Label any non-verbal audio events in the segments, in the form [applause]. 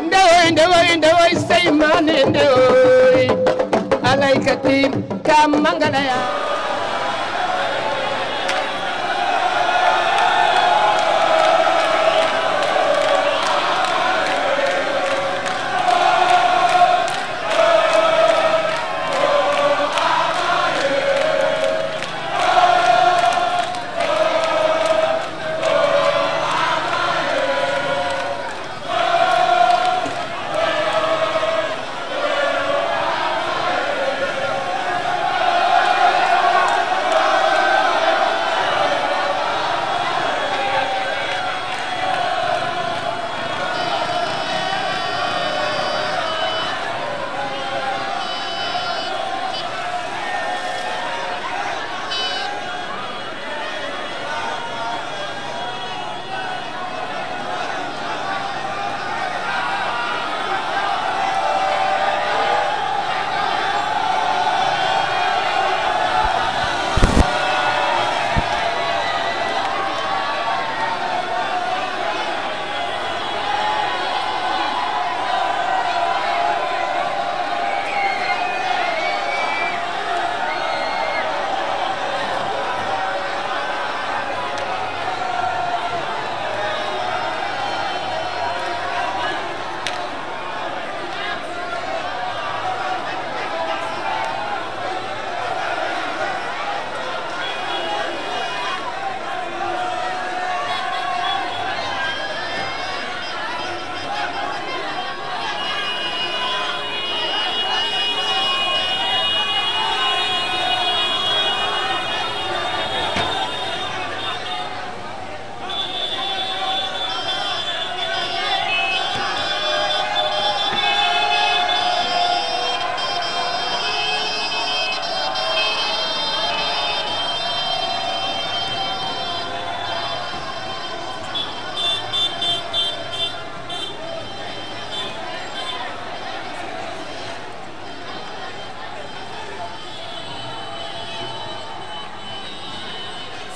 ndewoy ndewoy ndewoy sey maane ndewoy alaykati kam mangalaya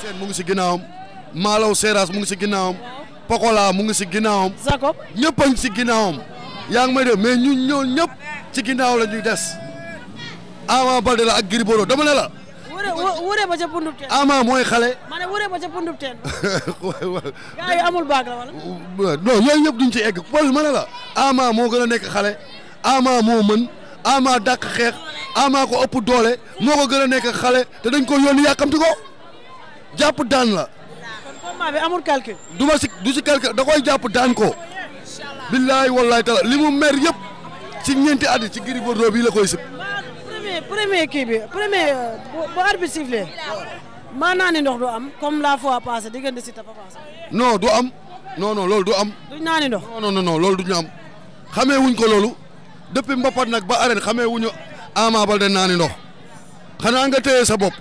Sène mu ngi si ginnaawam Malaw Seras mu ngi si ginnaawam Pokola mu ngi si ginnaawam. Jacob ñëpp a ngi si ginnaawam. yaa ngi may def mais ñun ñoo ñëpp ci ginnaaw la ñuy des Ama Baldé la ak Gris Bordeaux la. wuree ba ca pundub mooy xale. ma ne wuree ba [laughs] amul baag la wala. non duñ ci egg wala ma ne la Ama moo gën a nekk xale Ama moo mën Ama dàq xeex Ama ko ëpp doole moo ko gën a nekk xale te dañ ko yónni yàkkamti ko. jàpp daan la. kon combat amul calcul. du ma du si calcul da koy jàpp daan ko. billaay wallaay tala li mu mer yëpp ci ñeenti at ci Gris Bordeaux bi la koy sëb. premier premier kii bi premier euh, bu maa naa ni ndox du am comme la fois passée diggante si tafa passé. non du am non non loolu du am. duñ naa ni ndox non loolu duñu am xamee wuñ ko loolu depuis mbapat nag ba arène xamee wuñu Ama Baldé naa ni ndox xanaa nga téye sa bopp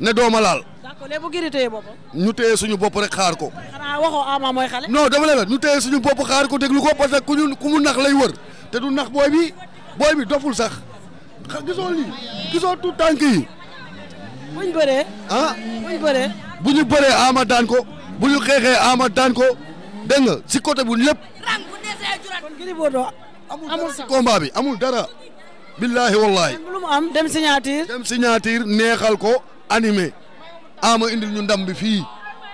ne dooma laal. ñu téye suñu bopp rek xaar ko. xanaa waxoo Ama mooy xale. non dama la ñu téye bopp xaar ko déglu ko parce que ku ñu ku mu nax lay wër te du nax booy bi booy bi doful sax xa gisoo lii gisoo tout tànk yi. buñ bëree. ah bëree. bu ñu bëree Ama daan ko bu ñu xeexee Ama daan ko dégg nga si côté bu lépp. rang bu desee jurat. amul bi amul dara. billahi wallahi lu mu am dem signature. dem neexal ko animé. ama ah, indil ñu ndam bi fii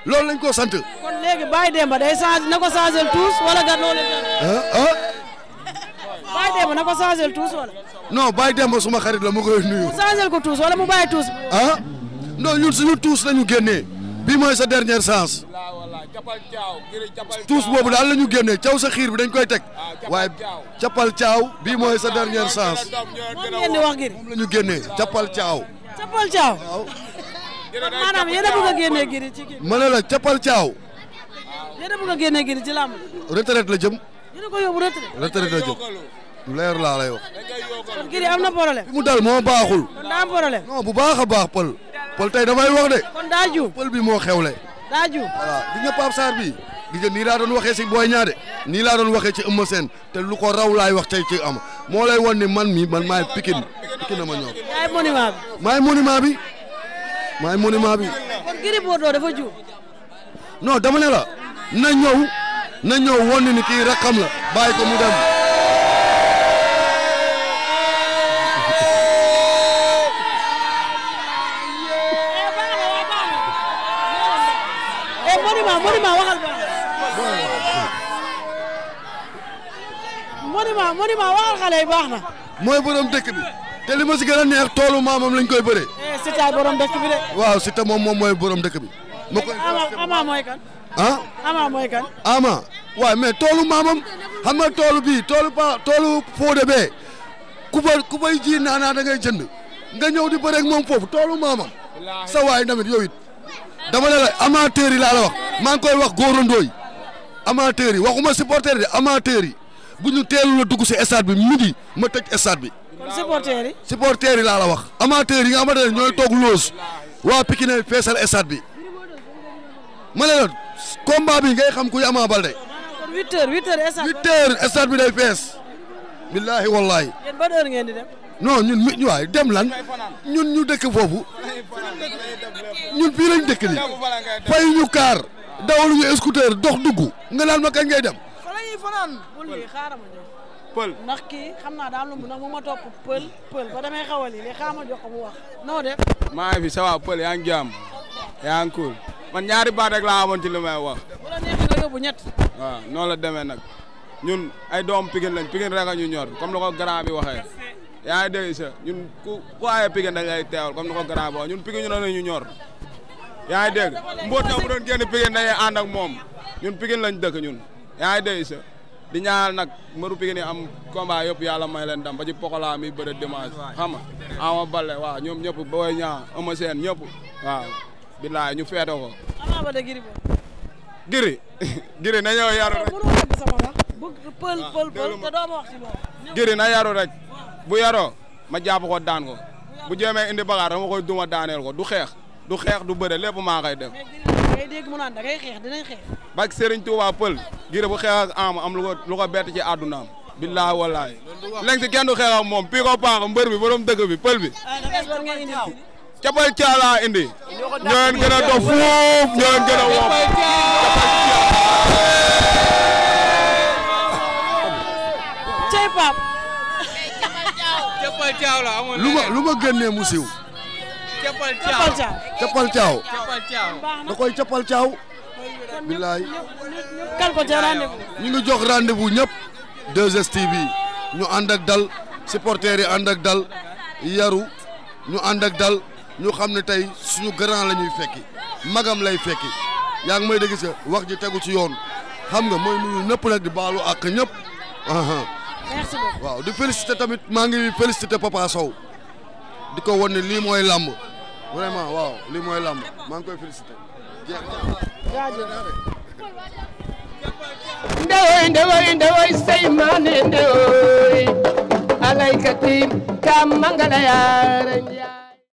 loolu lañ koo sant. kon léegi Baye Demba day changé na ko changé tous wala Gana wala. ah ah. Baye Demba na ko changé tous wala. non Baye Demba suma xarit la mu koy nuyu. mu changé ko tous wala mu bàyyi tous. ah non ñun suñu tous la ñu génnee bii mooy sa dernière chance tous boobu daal la ñu génnee caw sa xiir bi dañ koy teg ah, waaye cappal caaw bii mooy sa dernière chance moom la ñu génnee cappal caaw. cappal caaw. kon maanaam yéen a bëgg a génnee giri ci kii. mën na la cappal caaw. yéen ci làmb. retraite la jëm. yéen a ko yóbbu retraite. retraite la jëm. leer laa lay wax. kon giri am na problème. fi mu dal moo baaxul. kon bu baax a baax pël. pël tey damay wax de. kon daa juum pël bi moo xew daa juum voilà di nga Pape bi di nga nii laa doon waxee si Boy Niang de nii laa doon waxee ci Eumeu Sène te lu ko raw laay wax tey ci am moo lay won ni man mi man maay Pikine Pikine ma ñor. maay monument bi. may monument bi. kon Gris Bordeaux dafa juum. non dama ne la na ñëw na ñëw woon ni ki rakam la bay ko mu dem. monument eh, monument waxal xale yi baax na. mooy borom dëkk bi té li ma ci gëna a neex toolu maamam lañ koy eh ci tay borom dëkk bi de. waaw Siteu moom moom mooy borom dëkk bi. Kan? Ah? ama mooy kan. ama moy kan. ama waay mais toolu maamam xam nga tolu bi tolu pa fo de bé ku ba ku bay ji nana da ngay jënd nga ñëw di bëreeg moom foofu toolu maamam sa waay tamit yow it dama la amateur yi laa la wax ma ngi koy wax goro ndoy amateur yi waxuma supporter yi amateur yi buñu ñu la dugg ci stade bi midi ma tëj stade bi. kon supporters a supporters yi laa la wax. amateurs yi nga xamante ne ñooy toog loos waa Pikine feesal stade bi ma ne la combat bi ngay xam kuy Ama Baldé. kon huit heures huit heures bi huit heures stade bi day fees. billaahi wallaahi. yéen non ñun mi waay dem lan ñun ñu dëkk foofu ñun fii lañ dëkk ni fay ñu kaar dawaluñu scooter dox dugg nga naan ma kañ ngay dem. pël ndax kii xam naa ma topp pël pël ba damay maa ngi fi ça pël yaa ngi yaa ngi cool ñaari baat rek la amoon ci li may wax. bu la neexee ñett. waaw la demee nag ñun ay doom Pikine lañ Pikine rek a ñu ñor comme ni ko grand bi waxee yaa ngi dégg sa ñun ku ku aayee dañ lay teewal comme ni ko grand bi ñun Pikine ñu ne ñu ñor yaa ngi dégg mbootaay bu doon génn Pikine dañuy ànd ak moom ñun Pikine lañ dëkk ñun yaa ngi dégg sa di ñaanal nag mbëru Pikine yi am combat yëpp yàlla may leen dam ba ci Pokola mi bëre dimanche xam nga Ama Baldé waaw ñoom ñëpp booy ñaa ama ñëpp waaw billaay ñu feete ko giri giri [laughs] na ñëw yaru rek bu yaroo ma jàpp ko daan ko bu jéemee indi bagaar dama koy duma daaneel ko du xeex du xeex du bëre lépp maa koy ngay dégg mu naan da ngay xeex dinañ xeex. barke Pël Gris bu xeex am lu ko ci àddunaam. billaay wallaay. léegi si kenn du xeex ak moom pii ko mbër bi borom dëkk bi Pël bi. Ah, capal caalaa indi. ñoo gën a fuuf ñoo gën a wóob. capal lu ma gën ne mu siiw. cëppal caaw cëppal caaw da koy cëppal caaw billaay ñu ngi jox rendez-vous ñëpp 2 bi ñu ànd ak dal supporters yi ànd ak dal yaru ñu ànd ak dal ñu xam ne tey suñu grand la ñuy fekki magam lay fekki yaa ngi may dégg sa wax ji tegu ci yoon xam nga mooy nuyu ñëpp nag di baalu ak ñëpp merci waaw di féliciter tamit maa ngi féliciter Papa Sow di ko wan lii mooy làmb vraiment waaw li mooy làmb maa ngi koy félicité ndewoy ndewoy ndewoy sey maane ndewoy alaykati kam mangala yaara